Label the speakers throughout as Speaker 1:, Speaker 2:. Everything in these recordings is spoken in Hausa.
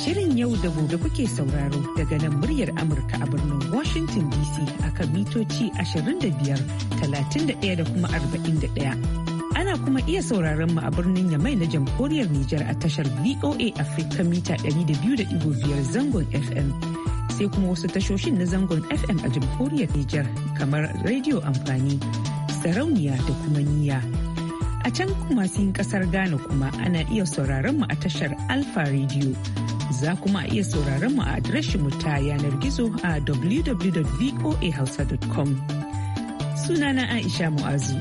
Speaker 1: Shirin yau da gobe kuke sauraro daga nan muryar Amurka a birnin Washington DC akan mitoci 25, 31 da kuma 41. ana kuma iya sauraron mu a birnin Yamai na jamhuriyar Nijar a tashar VOA Africa mita 200.5 zangon FM. Sai kuma wasu tashoshin na zangon FM a jamhuriyar Nijar kamar Radio Amfani, Sarauniya da kuma Niyya. A can kuma sun kasar Ghana kuma ana iya sauraron mu a tashar Alfa Radio. Za kuma a iya sauraron mu a mu ta yanar gizo a www.voahausa.com. Sunana Aisha Mu'azu.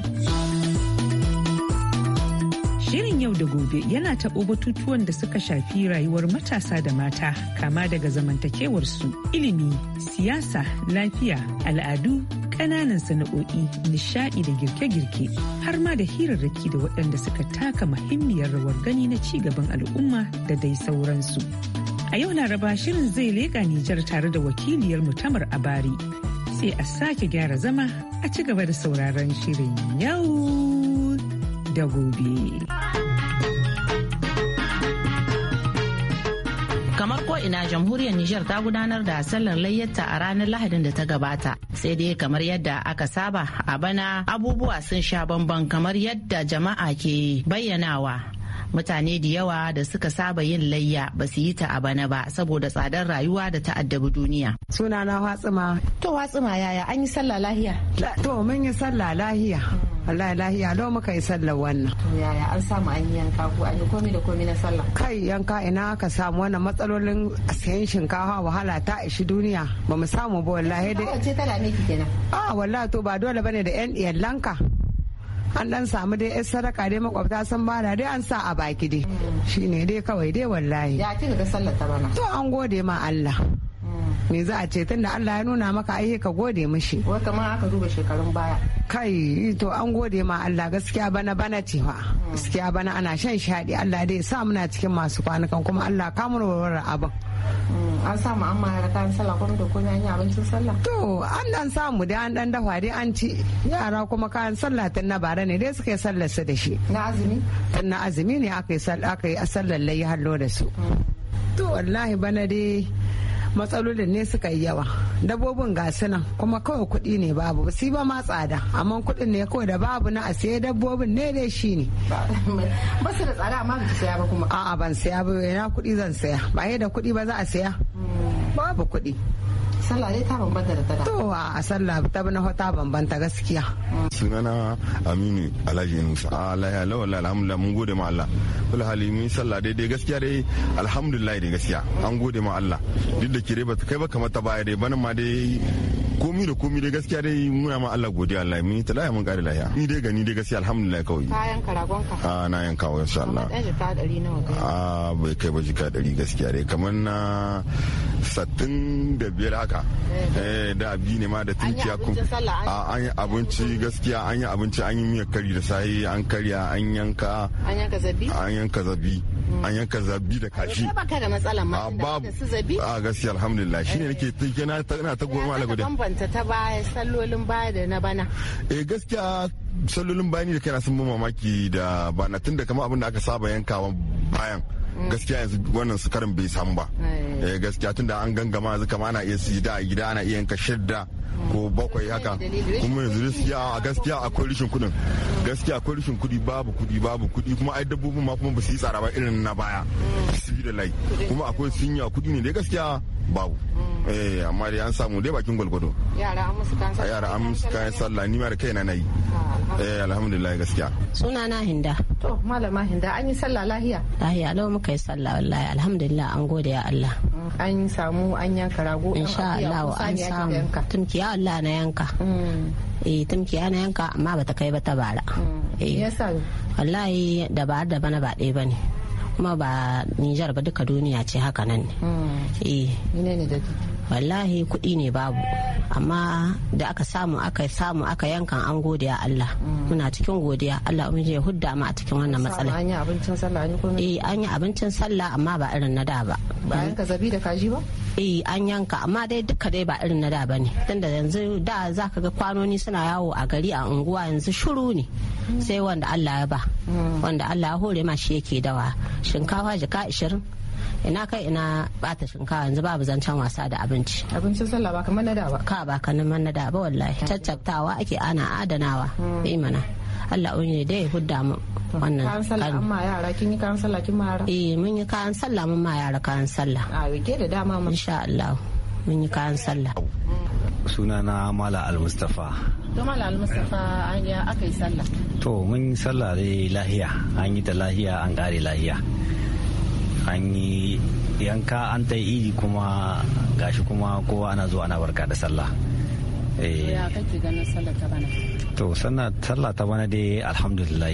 Speaker 1: Shirin yau da gobe yana taɓo batutuwan da suka shafi rayuwar matasa da mata kama daga zamantakewarsu, ilimi, siyasa, lafiya, al'adu ƙananan sana'o'i nishaɗi da girke-girke har ma da hirarraki da waɗanda suka taka muhimmiyar rawar gani na ci gaban al'umma da dai sauransu. A yau Laraba shirin zai leƙa Nijar tare da wakiliyar mutamar a bari. Sai a sake gyara zama a ci gaba da sauraron shirin yau da gobe.
Speaker 2: kamar ko ina jamhuriyar Nijar ta gudanar da sallar layyata a ranar Lahadin da ta gabata. Sai dai kamar yadda aka saba a bana abubuwa sun sha bamban kamar yadda jama'a ke bayyanawa. mutane da yawa da suka saba yin layya ba su yi ta a bana ba saboda tsadar rayuwa da ta'addabi duniya. Sunana Watsuma. To Watsuma yaya an yi sallah lahiya?
Speaker 3: To mun yi sallah lahiya. wallahi lahiya lau muka yi sallar wannan yaya an samu an yi yanka ko an yi komai da komai na sallah kai yanka ina ka samu wannan matsalolin sayan shinkafa wahala ta ishi duniya ba mu samu ba wallahi dai ce tana ki kenan a wallahi to ba dole bane da yan iyallanka an dan samu dai yan sadaka dai makwabta sun bada dai an sa a baki dai mm. shine dai kawai dai wallahi ya ci ga sallar ta bana to an gode ma Allah me za a ce tunda Allah ya nuna maka ai ka gode mishi wata ma aka duba shekarun baya kai to an gode ma Allah gaskiya bana bana ce fa gaskiya bana ana shan shadi Allah dai sa muna cikin masu kwanukan kuma Allah ka mun warware abin mm, an samu an ma kayan sallah kuma da kuma an yi abincin sallah to an dan samu da an dan dafa dai an ci yara kuma kayan sallah tun na bara ne dai suka yi sallar su da shi na azumi tun na azumi ne aka yi sallar layi hallo da su mm. to wallahi bana dai matsalolin ne suka yi yawa dabbobin ga nan kuma kawai kuɗi ne babu su ba ma tsada amma kuɗin ne kawai da babu na a saye dabbobin ne dai shi ne ba su da tsada amma ba saya ba kuma a'a ban saya ba ina kuɗi zan saya ba da kuɗi ba za a saya hmm. babu kuɗi sallah dai ta bambanta da tada to a sallah ta bana ta bambanta gaskiya
Speaker 4: sunana aminu alhaji musa alaya lawala alhamdulillah mun gode ma Allah kula hali mun sallah dai dai gaskiya dai alhamdulillah dai gaskiya an gode ma Allah duk da kire ba kai ba kamar ta baya dai bana ma dai komi da komi dai gaskiya dai muna ma Allah godiya Allah mun ta laya mun kare lahiya ni dai gani dai gaskiya alhamdulillah kawai
Speaker 2: kayan karagon
Speaker 4: ka a na yanka wa insha Allah a bai kai ba jika dari gaskiya dai kamar na sattin da biyar haka eh. Eh, da abi ne ma da tunkiya kun an yi abinci gaskiya an yi abinci an yi miya kari da sahi an karya an yanka
Speaker 2: an yanka zabi an
Speaker 4: yanka zabi hmm. da kashi a
Speaker 2: da ma da su zabi
Speaker 4: a gaskiya alhamdulillah shine eh. nake tunke na ta goma ala gudu
Speaker 2: bambanta ta baya sallolin baya da na bana
Speaker 4: eh gaskiya sallolin bayani da na sun mamaki da bana tun da kama abin da aka saba yankawa bayan gaskiya yanzu wannan sukarin bai samu ba eh, eh gaskiya tunda an gangama yanzu kama ana iya sida a gida ana iya yanka shidda ko hmm. bakwai haka kuma yanzu gaskiya a gaskiya akwai rishin kudin gaskiya akwai rishin kudi babu kudi babu kudi kuma ai dabbobin ma kuma ba su yi tsara ba irin na baya hmm. sibi da lai kuma akwai sinya kudi ne dai gaskiya babu mm. eh amma dai an samu dai bakin gwalgwado
Speaker 5: yara an musu kayan
Speaker 3: sallah
Speaker 4: yara an musu kayan sallah ni mara kai na nayi ah, eh, alhamdulillah gaskiya
Speaker 5: suna na hinda to malama hinda an yi sallah lahiya lahiya lau muka yi sallah wallahi alhamdulillah an gode ya Allah mm, an samu an yanka rago insha Allah an samu ya Allah na yanka mm. eh ya na yanka amma bata kai ba ta bara eh yasa wallahi da ba da bana ba dai bane kuma ba Nijar ba duka duniya ce haka nan ne. Hmm. Eh. Wallahi kuɗi ne babu amma da aka samu aka samu aka yankan an godiya Allah hmm. muna cikin godiya Allah umu je hudda ma a cikin wannan matsala. Eh, an yi abincin sallah amma ba irin na da ba. Bayan yanka zabi da kaji ba? eh an yanka amma dai duka dai ba irin na da bane tunda yanzu da zaka ga kwanoni suna yawo a gari a unguwa yanzu shuru ne sai wanda Allah ya ba wanda Allah ya hore ma shi yake dawa shinkafa jika 20 ina kai ina bata shinkawa yanzu babu zancen wasa da abinci abincin sallah ba kamar na da ba ka ba man na da ba wallahi caccabtawa ake ana adanawa hmm. imana Allah ne da ya hudda mu wannan kan sallah amma yara kin yi kan sallah kin ma yara eh mun yi kan sallah mun ma yara kan sallah a wike da dama mun insha Allah mun yi kan sallah
Speaker 6: na mala al-mustafa
Speaker 2: to mala al-mustafa an ya aka yi sallah
Speaker 6: to mun yi sallah dai lahiya an yi ta lahiya an kare lahiya an yi yanka an ta yi kuma gashi kuma kowa ana zuwa ana barka da sallah eh
Speaker 5: ya
Speaker 2: kake ganin sallah ta bana
Speaker 6: to sannan sallah ta bana dai alhamdulillah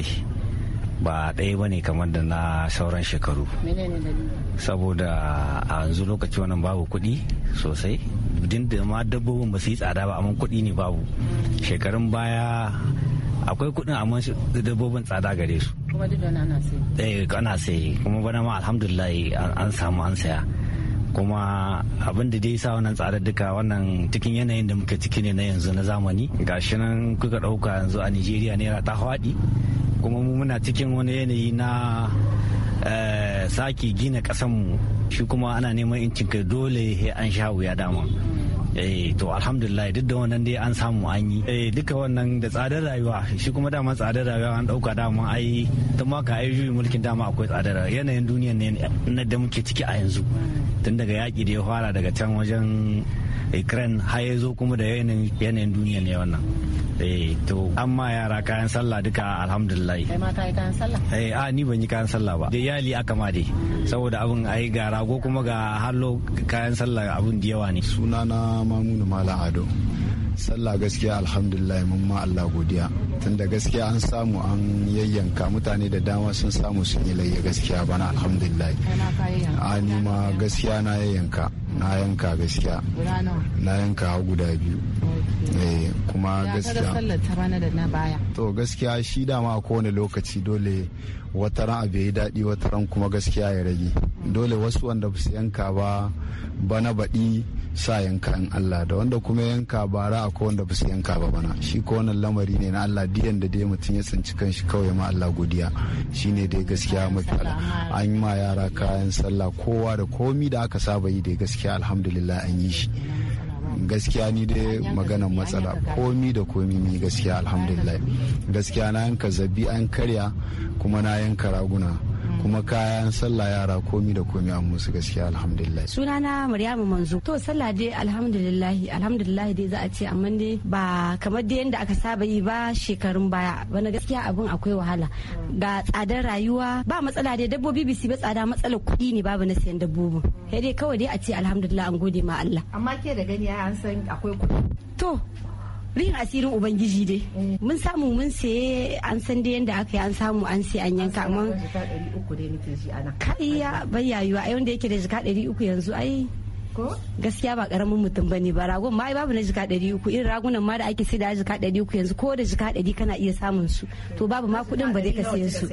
Speaker 6: ba ɗaya ba ne kamar da na sauran shekaru saboda a yanzu lokaci wannan babu kuɗi sosai din da ma dabbobin ba su yi tsada ba amma kuɗi ne babu shekarun baya akwai kuɗin amma dabbobin tsada gare su kuma duk ana sai eh, kuma bana ma alhamdulillah an samu an saya kuma abin da dai sa wannan duka wannan cikin yanayin da muke ciki ne na yanzu na zamani gashi nan kuka ɗauka yanzu a nigeria naira ta haɗi kuma mu muna cikin wani yanayi na eh, sake gina ƙasanmu shi kuma ana neman incin dole an sha wuya dama eh to alhamdulillah duk da wannan dai an samu an yi eh duka wannan da tsadar rayuwa shi kuma dama tsadar rayuwa an dauka dama ai tun ma ka ai juyi mulkin dama akwai tsadar yanayin duniya ne na da muke ciki a yanzu tun daga yaki da ya fara daga can wajen ukraine har ya zo kuma da yanayin duniya ne wannan eh to an ma yara kayan sallah duka alhamdulillah kai
Speaker 2: ma kai kayan sallah
Speaker 6: eh a ni ban yi kayan sallah ba da yali aka ma dai saboda abin ai ga rago kuma ga hallo
Speaker 7: kayan sallah abun da yawa ne sunana ma mamunu mala ado sallah gaskiya alhamdulillah mun ma Allah godiya tunda gaskiya an samu an yayyanka mutane da dama sun samu sun yi layya gaskiya bana alhamdulillah a ma gaskiya na yayyanka na yanka gaskiya na yanka guda biyu eh, kuma gaskiya to gaskiya shi dama a kowane lokaci dole wata ran abu ya yi daɗi ran kuma gaskiya ya rage mm. dole wasu wanda ba su yanka ba bana baɗi sa yanka in Allah da wanda kuma yanka bara a wanda ba su yanka ba bana shi ko wannan lamari ne na Allah diyan da dai mutum ya tsinci kanshi kawai ma Allah godiya shine dai gaskiya mafi ala an yi ma yara kayan sallah kowa da komi da aka saba yi dai gaskiya alhamdulillah an yi shi gaskiya ni dai maganan matsala komi da komi ni gaskiya alhamdulillah gaskiya na yanka zabi an karya kuma na yanka raguna kuma kayan sallah yara komi da komi an musu gaskiya alhamdulillah
Speaker 8: sunana maryamu manzo to sallah dai alhamdulillah alhamdulillah dai za a ce amma dai ba kamar dai yanda aka saba yi ba shekarun baya bana gaskiya abun akwai wahala ga tsadar rayuwa ba matsala dai dabbobi su ba tsada matsalar kuɗi ne babu na sayan dabbobin sai dai kawai dai a ce alhamdulillah an gode ma Allah amma ke da gani an san akwai kuɗi to rin asirin ubangiji dai mun samu mun saye an san da yadda aka yi an samu an sai an yanka amma kaiya bayyayuwa a yanda yake da jika 300 uku yanzu ai gaskiya ba karamin mutum bane ba ragon ma babu na jika 300 uku irin ragunan ma da ake sai da jika 300 uku yanzu ko da jika 100 kana iya samun su to babu ma kuɗin ba dai ka siyan su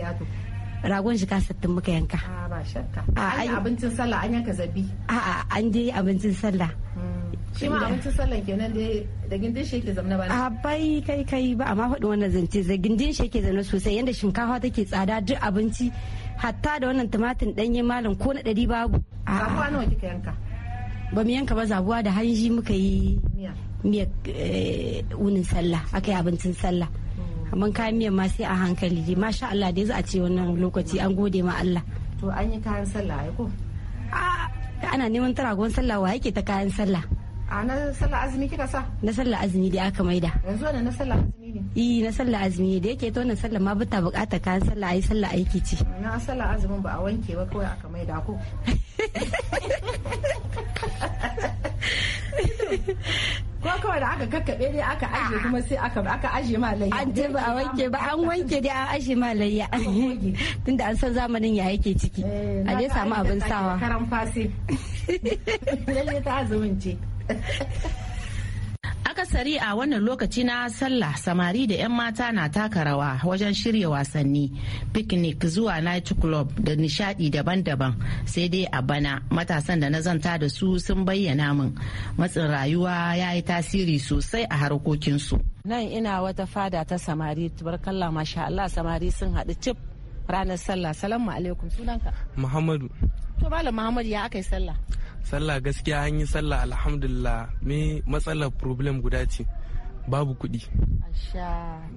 Speaker 8: ragon jika 60 muka yanka ah,
Speaker 2: a ah, abincin sallah an yanka zabi
Speaker 8: a an je abincin sallah hmm. shi ma abincin
Speaker 2: sallan kenan da gindin shi yake na ba
Speaker 8: a bai kai kai ba amma faɗi wannan zance da gindin shi yake zamna sosai yadda shinkafa take tsada duk abinci hatta da wannan tumatir ɗanye malam ko na ɗari babu zabuwa nawa kika yanka ba mu yanka ba zabuwa da hanji muka yi miya eh, unin sallah aka yi abincin sallah
Speaker 9: mm.
Speaker 8: amma kayan miyan ma sai a hankali dai masha Allah dai za a ce wannan lokaci an gode ma Allah
Speaker 2: to an yi kayan sallah ya ko
Speaker 8: ana neman taragon sallah wa yake ta kayan sallah a na sallah azumi kika sa na sallah azumi dai aka maida yanzu wannan na sallah azumi ne eh na sallah azumi da yake to wannan sallah ma bata bukata ka sallah ai sallah aiki ce
Speaker 2: na sallah azumin ba a wanke ba kawai aka maida ko
Speaker 8: ko kawai da aka kakkaɓe dai aka aje kuma sai aka aka aje ma layya an je ba a wanke ba an wanke dai an aje ma layya tunda an san zamanin ya yake ciki eh, a dai samu abin sawa karan fasi
Speaker 2: lalle ta azumin ce akasari a wannan lokaci na sallah samari da 'yan mata na taka rawa wajen shirya wasanni picnic zuwa night club da nishadi daban-daban sai dai a bana matasan da na zanta da su sun bayyana min matsin rayuwa ya yi tasiri sosai a harkokinsu nan ina wata fada ta samari tubarkalla masha Allah samari sun haɗu cip ranar sallah salamu alaikum sunanka muhammadu to malam muhammadu ya aka yi sallah
Speaker 10: sallah gaskiya an yi sallah alhamdulillah me matsalar problem guda ce babu kuɗi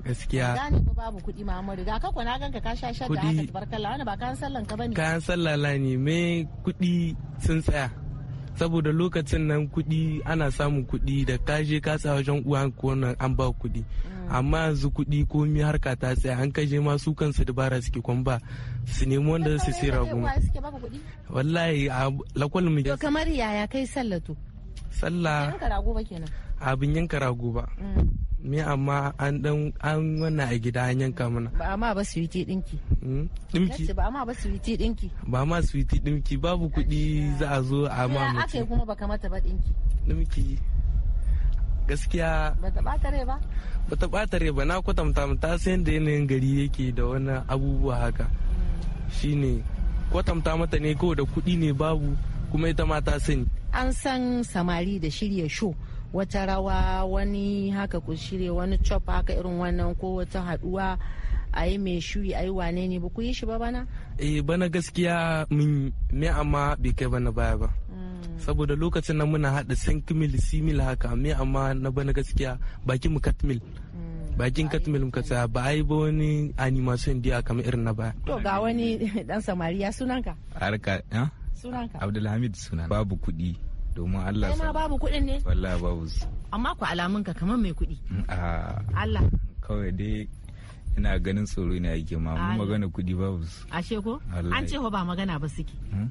Speaker 2: gaskiya gane ba babu kuɗi Muhammadu ga kakwa na ganka ka sha shan da haka tabarkalla wani ba kayan sallan ka bane kayan
Speaker 10: sallah la ne me kuɗi sun tsaya saboda lokacin nan kuɗi ana samun kuɗi da ka je ka tsaya wajen uwa ko nan an ba kuɗi amma yanzu kuɗi komi harka ta tsaya an je ma su kansu dabara suke kwan ba su nemi wanda su sai raguma wallahi a lakwal mu kamar yaya kai sallatu sallah abin yanka rago ba mm. me amma an dan an wannan a gida an yanka mana
Speaker 2: ba amma ba suwiti dinki
Speaker 10: mm. dinki
Speaker 2: ba amma ba suwiti dinki
Speaker 10: ba amma suwiti dinki babu kuɗi za a zo a ma mace
Speaker 2: ake kuma ba kamata ba dinki
Speaker 10: dinki gaskiya
Speaker 2: ba ta batare
Speaker 4: ba
Speaker 10: ba ta batare ba na kwatanta ta san da yanayin gari yake da wani abubuwa haka mm. shine kwatanta mata ne ko da kuɗi ne babu kuma ita ma ta sani
Speaker 2: an san samari da shirya show wata rawa wani haka ku shirya wani chop haka irin wannan ko wata haduwa a yi mai shuyi a yi wane ne ba ku yi shi ba bana?
Speaker 10: eh bana gaskiya mun me amma bai kai bana baya ba mm. saboda lokacin nan muna haɗa sankimil simil haka me amma na bana gaskiya bakin mu mil mm. bakin mil muka tsaya ba a yi ba wani animation dia kamar irin na baya
Speaker 2: to ga wani dan samariya sunanka
Speaker 11: harka eh? sunanka abdulhamid sunan babu kuɗi domin Allah sa.
Speaker 2: babu kuɗin ne wallahi babu amma ku alamun ka kamar mai kuɗi mm, Allah
Speaker 11: kawai dai ina ganin tsoro ne yake ma mun magana kudi babu su
Speaker 2: ashe ko an ce ba magana ba suke
Speaker 11: mm,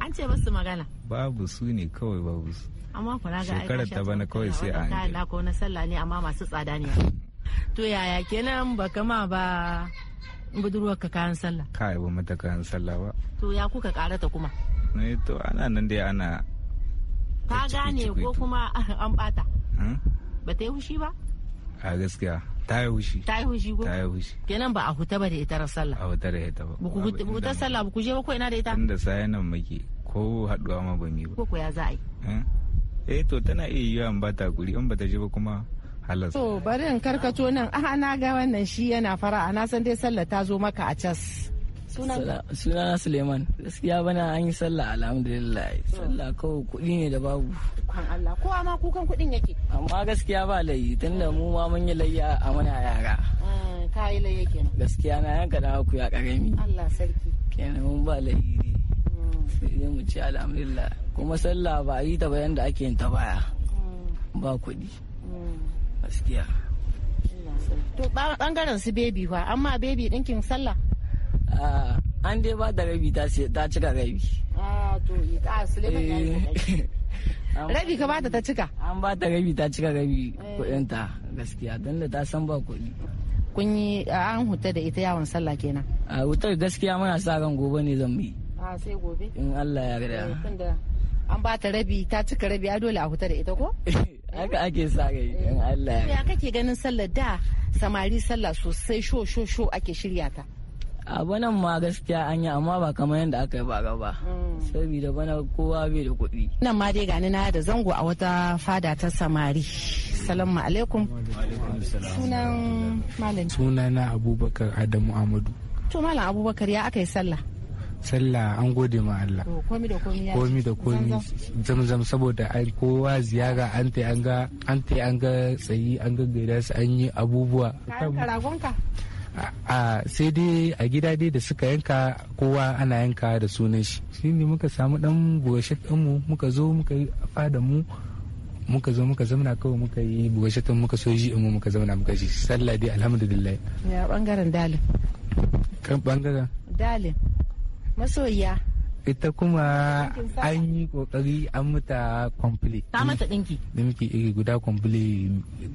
Speaker 11: an
Speaker 2: ce ba su magana
Speaker 11: babu su ne kawai babu su
Speaker 2: amma ku raga shekarar ta bana kawai
Speaker 11: sai an ka Allah
Speaker 2: ko na sallah ne amma masu tsada ne to yaya kenan ba kama ba budurwar ka kayan
Speaker 11: sallah kai ba mata kayan sallah ba
Speaker 2: to ya kuka karata kuma
Speaker 11: ne eh, to ana nan dai ana
Speaker 2: ka gane ko kuma an bata hmm? ba ta yi hushi ba
Speaker 11: a gaskiya ta yi hushi ta
Speaker 2: yi hushi ko ta yi
Speaker 11: hushi kenan ba a huta ba da ita ran sallah a huta da ita ba ba ku
Speaker 2: sallah ba ku je ba ko ina da ita tunda
Speaker 11: sai nan muke ko haduwa ma ba mi
Speaker 2: ba ko ya za a yi
Speaker 11: hmm? eh to tana iya yi an bata guri in bata je ba kuma halas
Speaker 2: to bari in karkato nan a na ga wannan shi yana fara'a na san dai sallah ta zo maka a cas sunana
Speaker 7: suleiman gaskiya bana an yi sallah alhamdulillah sallah kawai kuɗi ne da babu
Speaker 2: kwan allah kowa ma kukan kuɗin yake
Speaker 7: amma gaskiya ba layi tunda mu ma mun yi layya a muna yara
Speaker 2: eh, ka yi layya kenan
Speaker 7: gaskiya na yanka da ku ya karami allah sarki kenan mun ba layi hmm. sai mu ci alhamdulillah kuma sallah ba yi ta bayan da ake yin ta baya hmm. ba kuɗi hmm. gaskiya
Speaker 2: to bangaren su bebi fa amma bebi ɗinkin sallah Ah, an dai ba da rabi ta cika rabi ah, eh. rabi ka bata ta cika an
Speaker 7: ba ta rabi ta cika rabi eh. kudinta gaskiya don da ta san ba kudi
Speaker 2: kun yi an huta da ita yawon sallah kenan
Speaker 7: a ah, hutar gaskiya muna sa ran gobe ne zan yi
Speaker 2: a sai gobe
Speaker 7: in Allah ya gada.
Speaker 2: Eh, an ba ta rabi ta cika rabi a dole a huta da ita ko
Speaker 7: haka ake sa rai in Allah ya ya.
Speaker 2: kake ganin sallah da samari sallah sosai sho sho sho ake shirya ta a banan ma gaskiya an yi amma ba kamar yadda aka yi bara ba mm. saboda bana kowa bai da kuɗi nan ma dai gani na da zango a wata fada ta samari salamu alaikum
Speaker 12: sunan malam sunana abubakar adamu amadu
Speaker 2: to malam abubakar ya aka yi sallah
Speaker 12: sallah an gode ma Allah
Speaker 2: komi da
Speaker 12: komi zamzam saboda ai kowa ziyara an ta an ga tsayi an ga gaida su an yi abubuwa a sai dai a gida dai da suka yanka kowa ana yanka da sunan shi shi ne muka samu dan buwashe mu muka zo muka yi fada mu muka zo muka zamna kawai muka yi buwashe muka so ji mu muka zamna muka ji sallah dai alhamdulillah
Speaker 2: ya bangaren dalin
Speaker 12: kan bangaren
Speaker 2: dalin masoyiya
Speaker 12: ita kuma an yi kokari an mata complete ta mata dinki da muke iri guda complete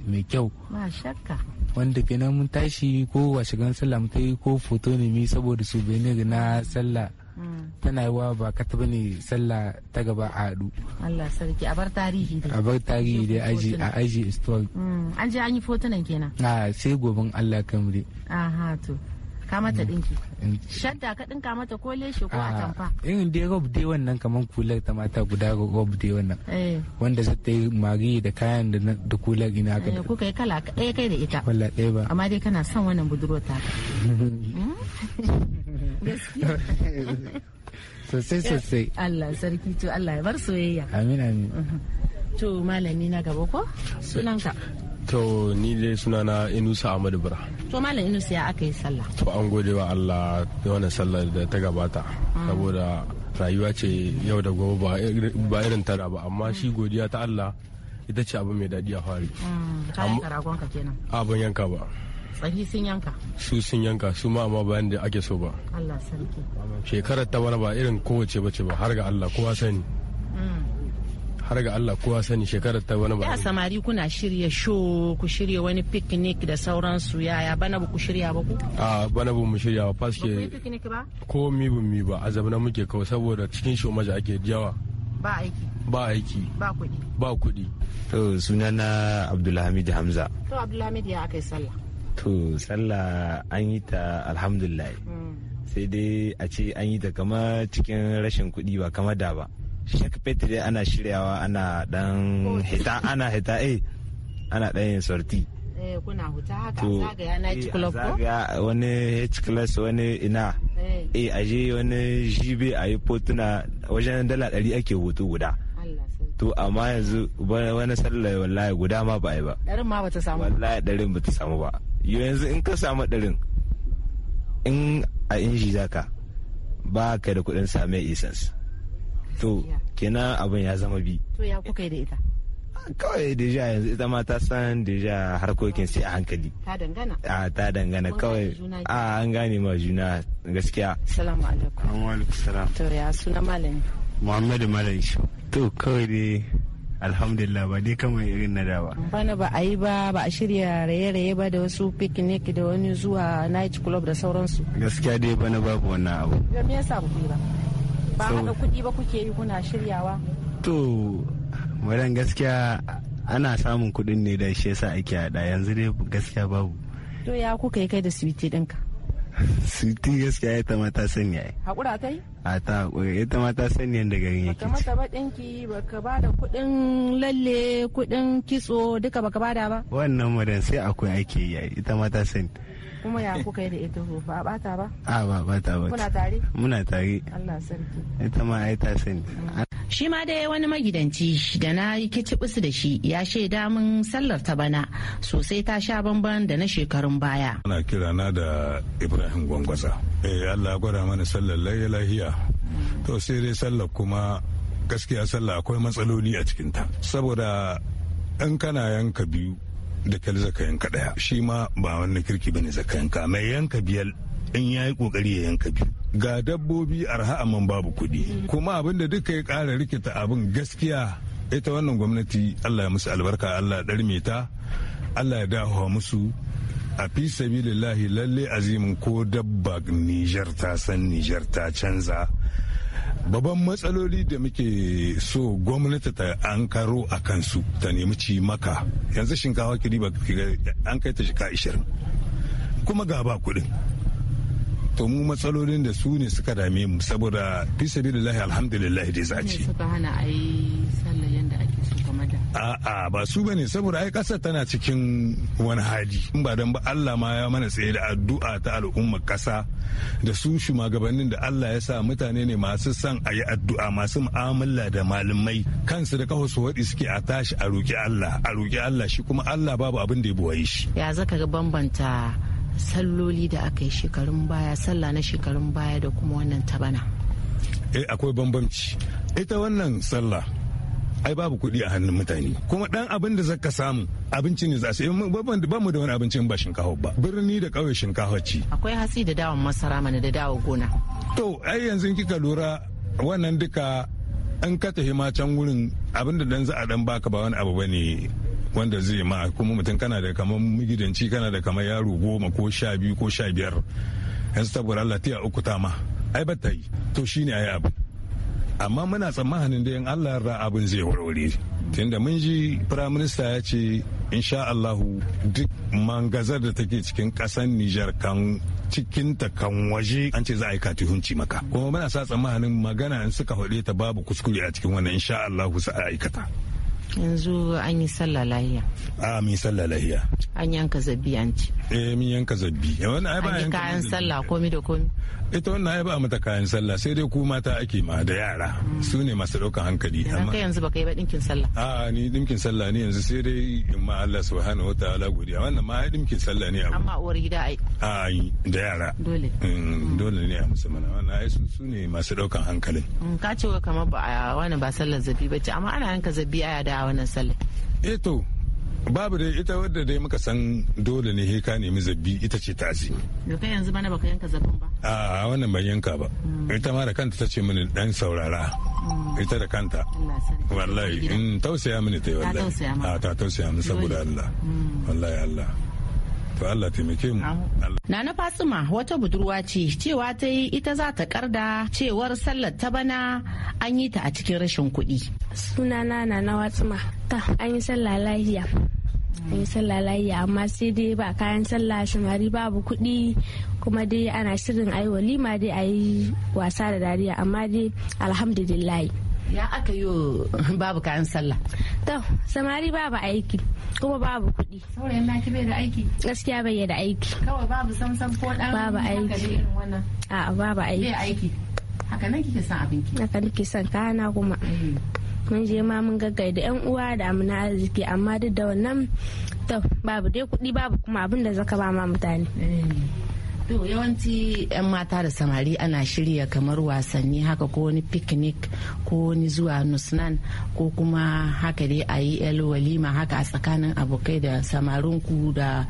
Speaker 12: mai kyau ba shakka wanda kenan mun tashi ko wasu gan sallah mun yi ko foto ne mi saboda su souvenir na sallah mm. tana yi wa ba kata ne sallah ta gaba a hadu
Speaker 2: Allah sarki a bar tarihi dai. A
Speaker 12: bar tarihi dai aji a aji story.
Speaker 2: Mm. An je an yi fotunan kenan.
Speaker 12: Ah, sai gobin Allah kamre.
Speaker 2: Aha to. ka mata mm. dinki shadda ka dinka mata ko leshe ko ah, atamfa
Speaker 12: in dai rob dai wannan kaman kular ta mata guda rob dai wannan eh. wanda za ta yi da kayan da kular ina ka da eh,
Speaker 2: kuka yi kala ɗaya kai da
Speaker 12: ita walla ɗaya ba
Speaker 2: amma dai kana son wannan budurwar ta
Speaker 12: hmm? sosai sosai
Speaker 2: Allah sarki to Allah ya bar soyayya amin amin mhm. to malami na gaba ko sunanka
Speaker 10: To ni dai sunana Inusa Ahmadu Bura.
Speaker 2: To Malam Inusa ya aka yi sallah.
Speaker 10: To an gode wa Allah da wannan sallar da ta gabata. Ah. Saboda rayuwa ce yau da gobe ba irin tara ba amma shi ah. godiya ta Allah ita ce abu mai daɗi a fari. Ah,
Speaker 2: Kayan karagonka kenan.
Speaker 10: Abin yanka ba.
Speaker 2: tsaki sun yanka
Speaker 10: su sun yanka su ma amma bayan da ake so ba
Speaker 2: Allah sarki
Speaker 10: shekarar ta bana ba irin kowace bace ba har ga Allah kowa sani mm. har ga Allah kowa sani shekarar ta wani ba. Ya
Speaker 2: samari kuna shirya show ku shirya wani picnic da sauransu yaya bana ba ku shirya ba ku?
Speaker 10: A bana ba mu shirya ba paske. Ba Ko mi bu mi ba azabna muke kawai saboda cikin show maja ake jawa.
Speaker 2: Ba aiki.
Speaker 11: Ba aiki. Ba kuɗi. Ba kuɗi. To suna na Abdulhamid Hamza.
Speaker 2: To Abdulhamid ya aka yi sallah.
Speaker 11: To sallah an yi ta alhamdulillah. Mm. sai dai a ce an yi ta kama cikin rashin kuɗi ba kama da ba. shek petri ana shiryawa ana dan hita ana hita eh ana dan yin sorti
Speaker 2: eh, kuna huta haka zagaya eh, club ko
Speaker 11: wani h class wani ina eh, eh aje wani jibe a yi potuna wajen dala ɗari ake hutu guda to amma yanzu wani sallar wallahi guda ma ba yi ba
Speaker 2: ɗarin ma ba ta samu
Speaker 11: wallahi ɗarin ba ta samu ba yanzu in ka samu ɗarin in a inji zaka ba ka da kuɗin same essence to kenan abin ya zama bi
Speaker 2: to ya kuka da ita
Speaker 11: ah, kawai deja yanzu ita ma ta san deja harkokin sai a hankali
Speaker 2: ta dangana a ah,
Speaker 11: ta dangana kawai a ah, an gane ma juna
Speaker 7: gaskiya
Speaker 2: salamu alaikum
Speaker 7: wa alaikum salam to
Speaker 2: ya suna malami
Speaker 7: muhammadu malami to kawai dai alhamdulillah ba dai kamar irin na da ba
Speaker 2: bana ba a yi ba ba a shirya raye-raye ba da wasu picnic da wani zuwa night club da sauransu
Speaker 7: gaskiya dai bana babu wannan abu
Speaker 2: me yasa ku yi ba ba haɗa kuɗi ba kuke yi kuna shiryawa
Speaker 7: to madan gaskiya ana samun kuɗin ne da shi yasa ake haɗa yanzu dai gaskiya babu
Speaker 2: to ya kuka yi kai da suwiti ɗinka
Speaker 7: suwiti gaskiya ita ma ta sanya ai haƙura ta yi a ta haƙura ita ma ta sani yadda garin yake baka
Speaker 2: mata ba ɗinki baka ba da kuɗin lalle kuɗin kitso duka baka bada ba
Speaker 7: wannan madan sai akwai ake yi ita ma ta sanya
Speaker 2: kuma ya kuka yi da ita ba a bata ba
Speaker 7: a ba bata ba muna tare muna tare Allah sarki ita ma ai ta sani
Speaker 2: shi ma dai wani magidanci da na yi kicibisu da shi ya shaida damun sallar ta bana sosai ta sha bamban da na shekarun baya
Speaker 13: ana kira na da ibrahim gwangwasa eh Allah gwada mana sallar lahiya to sai dai sallar kuma gaskiya sallah akwai matsaloli a cikinta saboda in kana yanka biyu da kal zaka yanka daya shi ma ba wannan kirki bane zaka yanka mai yanka biyar in yayi kokari ya yanka biyu ga dabbobi arha amman babu kuɗi kuma abinda da duka ya kara rikita abin gaskiya ita wannan gwamnati allah ya musu albarka allah darme ta allah ya dawo musu a fi sabilillahi lalle azimin ko dabba nijar ta san nijar ta canza babban matsaloli da muke so gwamnati ta an karo a kansu ta nemi ci maka yanzu shinkawa kiri ba an kai ta shika ishirin kuma ga ba kuɗin to mu matsalolin da su ne suka dame mu saboda fi sabilillahi alhamdulillah dai za ce a'a ba su bane saboda ai kasar tana cikin wani hali in ba dan ba Allah ma ya mana tsaye da addu'a ta al'ummar kasa da su shugabannin da Allah ya sa mutane ne masu son a yi addu'a masu mu'amala da malamai kansu da kawo su waɗi suke a tashi a roƙi Allah a roƙi Allah shi kuma Allah babu abin da ya buwaye shi
Speaker 2: ya zaka ga bambanta salloli da aka yi shekarun baya sallah na shekarun baya da kuma wannan tabana
Speaker 13: eh akwai bambanci ita wannan sallah ai babu kuɗi a hannun mutane kuma dan abin da zaka samu abinci ne za su yi ba mu da wani abincin ba shinkafa ba birni da ƙauye shinkafa ci
Speaker 2: akwai hatsi da dawon masara mana da dawo
Speaker 13: gona to ai yanzu kika lura wannan duka an ka tafi ma can wurin abin da dan za a dan baka ba wani abu ne wanda zai ma kuma mutum kana da kamar magidanci kana da kamar yaro goma ko sha biyu ko sha biyar yanzu saboda Allah tiya uku ta ma ai ba ta yi to shine ai abu amma muna tsammanin da in allah yarda abin zai warware tunda mun ji firaminista ya ce insha allahu duk mangazar da take cikin kasar nijar kan cikin ta kan waje an ce za a yi tuhunci maka kuma muna sa tsammanin magana in suka hode ta babu kuskure a cikin wannan insha allahu su aikata
Speaker 2: yanzu an yi sallah lahiya
Speaker 13: a mun sallah lahiya
Speaker 2: an yanka zabbi an ci
Speaker 13: eh mun yanka zabbi eh, An yi kayan sallah
Speaker 2: komi da komi
Speaker 13: ita eh, wannan ai ba mata kayan sallah sai dai ku mata ake ma da yara su ne masu daukan hankali amma kai
Speaker 2: yanzu baka yi ba dinkin sallah
Speaker 13: a ni dinkin sallah ne yanzu sai dai in ma Allah subhanahu wataala godiya wannan ma ai dinkin sallah ne amma
Speaker 2: uwar gida ai
Speaker 13: a da yara dole mm, dole ne a musamman wannan ai su ne masu daukan hankalin
Speaker 2: mm, ka ce kamar ba wani ba sallar zabbi ba ce amma ana yanka zabbi a da a wannan sale.
Speaker 13: eh to babu dai ita wadda dai muka san dole ne heka nemi zabi ita ce ta ce.
Speaker 2: da kai yanzu bana baka yanka zabin ba
Speaker 13: a wannan ban yanka ba hmm. ita ma da kanta ta ce mini dan saurara hmm. ita da kanta wallahi in tausaya mini ta yi wallahi ta tausaya mini saboda Allah hmm. wallahi Allah to Allah taimake mu
Speaker 2: Nana Fatima wata budurwa ce cewa ta yi ita za ta karda cewar sallar ta bana an yi ta a cikin rashin kuɗi
Speaker 9: sunana Nana Fatima ta an yi sallah lahiya. an sallah lafiya amma sai dai ba kayan sallah samari babu kuɗi kuma dai ana shirin ayi walima dai ayi wasa da dariya amma dai alhamdulillah ya aka yi babu kayan sallah to samari babu aiki kuma babu kuɗi saurayin naki bai da aiki gaskiya bai da aiki
Speaker 2: kawai babu samsam ko dan babu aiki
Speaker 9: a'a babu aiki bai aiki haka nan kike son abinki haka nake son kana kuma mm. mun je ma mun gaggai da yan uwa da amina arziki amma duk da wannan to babu dai kuɗi babu kuma abin da zaka ba ma mutane mm.
Speaker 2: To yawanci 'yan mata da samari ana shirya kamar wasanni haka ko wani picnic ko wani zuwa nusnan ko kuma haka dai a yi walima haka a tsakanin abokai da samarinku da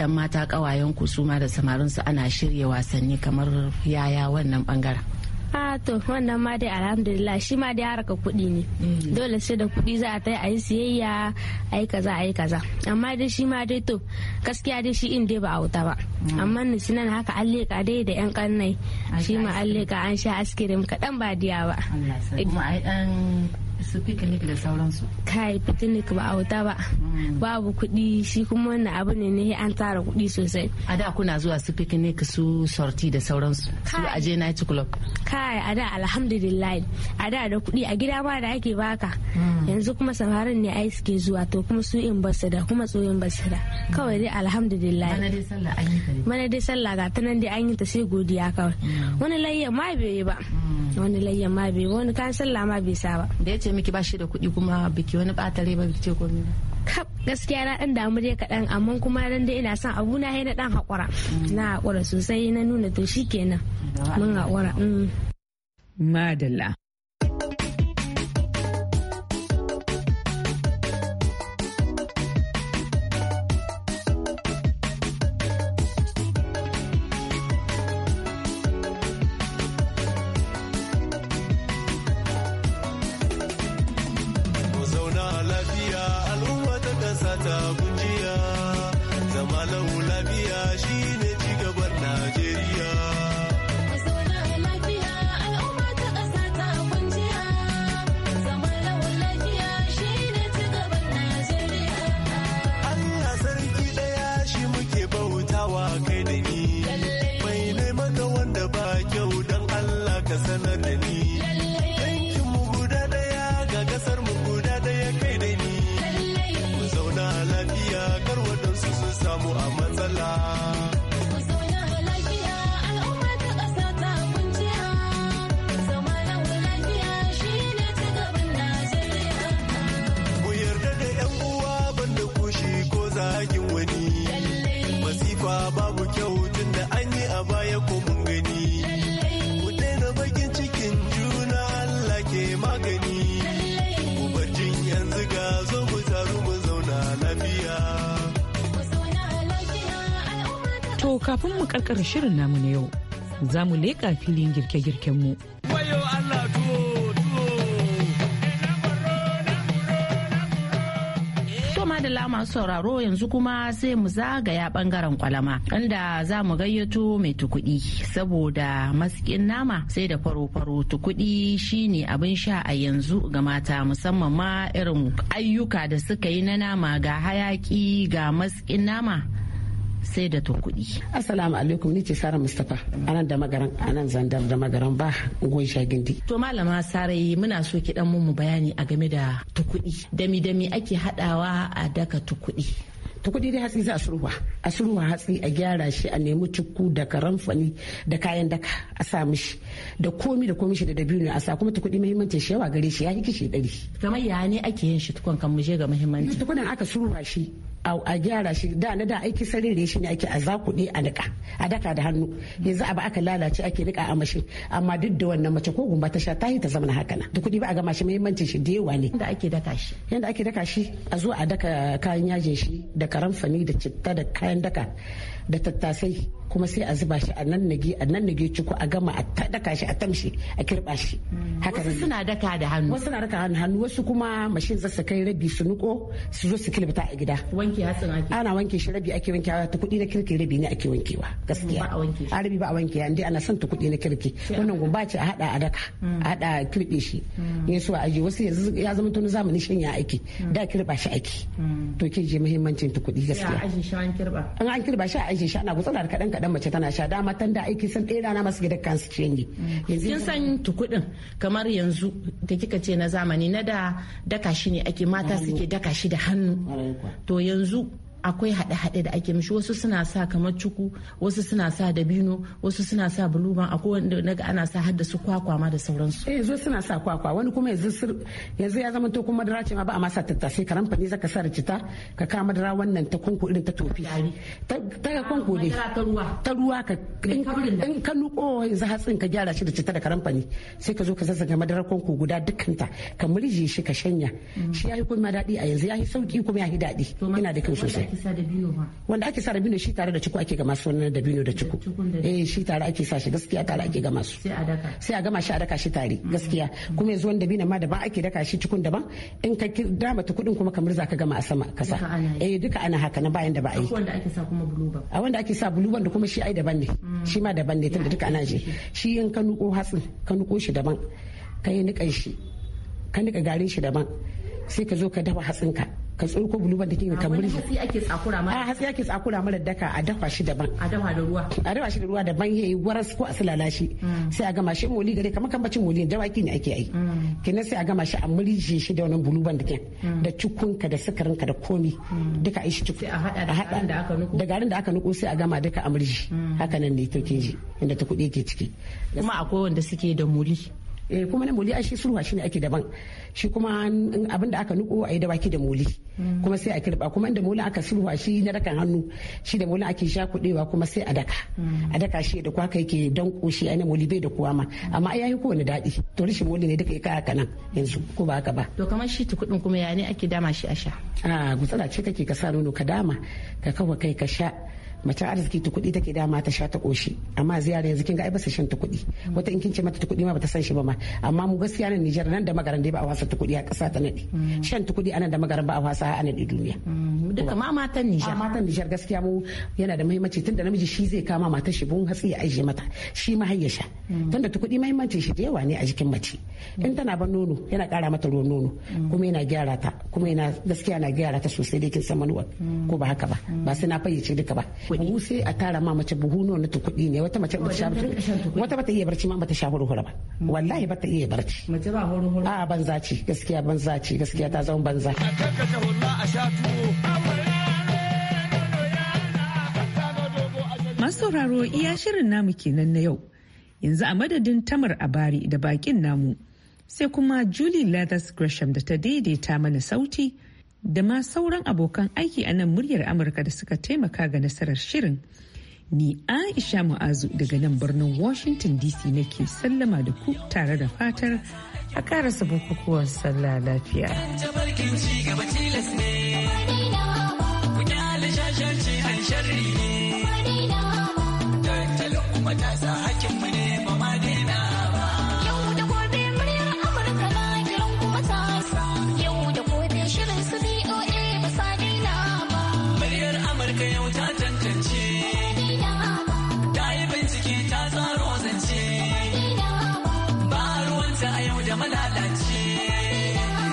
Speaker 2: 'yan mata kawayen su da samarinsu ana shirya wasanni kamar yaya wannan bangaren.
Speaker 9: a ah, to wannan ma dai alhamdulillah shi ma dai haraka kuɗi ne mm. dole sai da kuɗi za a ta a yi siyayya a yi kaza a yi kaza amma dai shi ma dai to gaskiya dai shi in dai ba a wuta ba mm. amma ni sinan haka an dai da yan kannai shi ma alleka an sha askirim kaɗan ba diya ba su picnic da sauransu kai picnic ba auta ba mm. babu kuɗi shi kuma wannan abu ne ne an tara kuɗi sosai a da
Speaker 2: kuna zuwa su picnic su
Speaker 9: sorti da sauransu
Speaker 2: su aje night club
Speaker 9: kai a da alhamdulillah a da da kuɗi a gida ba da ake baka mm. yanzu kuma samarin ne ai suke zuwa to kuma su in basu da kuma tsoyin basu da mm. kawai dai alhamdulillah mana dai sallah ga ta nan dai an yi ta sai godiya kawai wani layyan ma bai yi ba wani layyan ma bai wani kan sallah ma bai sa ba da ya ce miki ba shi da kuɗi kuma biki wani ɓatare ba biki ce komai ba kap gaskiya na ɗan damu dai kaɗan amma kuma dan dai ina son abu na na dan haƙura na haƙura sosai na nuna to shikenan mun haƙura mm.
Speaker 1: madalla sabu kafin mu karkar shirin namu na yau za mu leƙa filin girke-girkenmu.
Speaker 2: girken madalla masu sauraro yanzu kuma sai mu zagaya bangaren kwalama inda za mu gayyato mai tukudi saboda maskin nama sai da faro-faro tukudi shine abin sha a yanzu ga mata musamman ma irin ayyuka da suka yi na nama ga hayaki ga maskin nama sai da ta kuɗi.
Speaker 14: Assalamu alaikum ni ce Sara Mustapha anan da magaran anan zandar da magaran ba goyi sha gindi.
Speaker 2: To malama Sarai eh, muna so ki dan mu bayani a game da tukuɗi. Dami dami ake haɗawa a daka tukuɗi. ta kudi dai hatsi
Speaker 14: za a surwa a surwa hatsi a gyara shi a nemi cikku da karamfani da kayan daka a sa mishi da komi da komi shi da dabino a sa kuma ta kudi muhimmanci shi yawa gare shi ya yi kishi dari kamar ya ne ake yin shi tukun kan muje ga muhimmanci. kudin aka surwa shi a gyara shi da na da aiki da shi ne ake a za zakuɗe a niƙa a daka da hannu yanzu abu aka lalace ake niƙa a mashin amma duk da wannan mace ko gumba ta sha ta yi ta zama haka na da kuɗi ba a gama shi muhimmancin shi da yawa ne. yanda ake daka shi. yanda ake daka shi a zo a daka kayan yajin shi da karamfani da citta da kayan daka da tattasai kuma sai a zuba shi a nan nage a nan nage ciko a gama a daka shi a tamshi a kirba shi hmm. haka wasu suna daka da hannu wasu suna daka hannu hannu wasu kuma mashin zasu kai rabi su nuko su zo su kilbita a gida wanke hatsin ake ana wanke shi rabi ake wankewa ta kudi na kirki rabi ne ake wankewa gaskiya ba a wanke shi rabi ba a wanke indai ana son ta kudi na kirki wannan gumba ce a hada a daka hmm. a hada kirbe shi hmm. in so a aje wasu yanzu ya zama tun zamani shanya ake da kirba shi ake to ke je muhimmancin ta kudi gaskiya
Speaker 2: an
Speaker 14: kirba shi a ake sha na gutsura da kaɗan kaɗan mace tana sha dama tan da aiki san ɗaya rana masu gidan kansu ciyen yanzu kin san
Speaker 2: tukudin kamar yanzu da kika ce na zamani na da daka shi ne ake mata suke daka shi da hannu to yanzu akwai haɗe-haɗe da ake mishi wasu suna sa kamar cuku wasu suna sa dabino wasu suna sa buluban akwai wanda naga ana sa har da su kwakwa ma da sauransu eh zo suna sa kwakwa wani kuma yanzu yanzu
Speaker 14: ya zama to kuma madara ce ma ba a masa tattasai karamfa fani zaka sa ricita ka ka madara wannan ta kunku irin ta tofi ta ga kunku ne ta ruwa ka in ka nuko yanzu hatsin ka gyara shi da cita da karam fani sai ka zo ka zazzaga madarar kunku guda dukkanta ka murje shi ka shanya mm. shi yayi kuma daɗi a yanzu yayi sauki kuma yayi daɗi ina da kyau sosai ake sa dabino ba wanda ake sa dabino shi tare da ciko ake gama shi wannan dabino da ciko eh shi tare ake sa shi gaskiya tare ake gama su sai a daka sai a gama shi a daka shi tare mm-hmm. gaskiya kuma yanzu wanda dabino ma daban ake daka shi cikun daban in ka dama ta kudin kuma kamar za ka gama a sama kasa eh duka ana haka na bayan da ba a yi
Speaker 5: wanda ake sa kuma ba.
Speaker 14: a wanda ake sa buluban da kuma shi ai daban ne mm. shi ma daban ne tunda duka ana je shi in ka nuko hatsin ka nuko shi daban ka yi nikan shi ka nika garin shi daban sai ka zo ka dafa hatsinka ka tsoko ko buluban da ke kamburi
Speaker 2: hatsi ake tsakura mara ah,
Speaker 14: hatsi ake tsakura mara daka a dafa shi daban a dafa da ruwa a dafa shi da ruwa daban yayi waras ko a sulala shi mm. sai a gama shi moli gare kamar bacin moli da waki ne ake yi mm. kenan sai a gama shi a murje shi da wannan buluban da ke mm. da cikunka da sukarinka da komi duka a yi shi cikin a hada da garin da aka nuko sai a gama duka a murji haka nan ne to ke ji inda ta kuɗi ke ciki kuma akwai wanda suke da muli eh kuma na moli shi sulwa shine ake daban shi kuma abin da aka nuko a yi dawaki da moli mm. kuma sai a kirba kuma inda moli aka sulwa shi na dakan hannu shi da moli ake sha kudewa kuma sai a daka mm. a daka shi da kwaka yake danko shi ai na moli bai da kuwa ma mm. amma ai yayi kowane daɗi to rishi moli ne duka ya haka nan yanzu ko ba haka ba to kamar shi tukudin kuma ya ne ake dama shi a sha a ah, gutsara ce kake ka sa nono ka dama ka kawo kai ka sha mace arziki ta kuɗi take dama ta sha ta koshi amma ziyara yanzu kin ga ai ba sa shan ta kuɗi wata in kin ce mata tukudi kuɗi ma ba ta san shi ba ma amma mu gaskiya nan Nijar nan da magaran dai ba a wasa ta kuɗi a ƙasa ta nadi mm. shan ta kuɗi anan da magaran ba a wasa a naɗi duniya mm. duka ma matan Nijar matan Nijar gaskiya mu yana da muhimmanci tunda namiji shi zai kama matar shi bun hatsi ya ajiye mata shi ma har ya sha mm. tunda ta kuɗi muhimmancin shi da yawa ne a jikin mace in tana ban nono yana ƙara mata ruwan nono kuma yana gyara ta kuma yana gaskiya yana gyara ta sosai dai kin san manuwar ko ba haka ba ba sai na fayyace duka ba buhu sai a tara ma mace buhu nawa na tukudi ne wata mace bata shafi wata ta iya barci ma bata shafi ruhura ba hmm. wallahi ta iya barci mace ba horo a banza ce gaskiya banza
Speaker 1: ci gaskiya ta zama banza Masu sauraro iya shirin namu kenan na yau. Yanzu a madadin tamar a bari da bakin namu. Sai kuma Julie Leathers Gresham da ta daidaita mana sauti. da ma sauran abokan aiki a nan muryar Amurka da suka taimaka ga nasarar shirin. Ni Aisha Mu'azu daga nan birnin Washington DC nake sallama da ku tare da fatar a karasa bukukuwan sallah lafiya.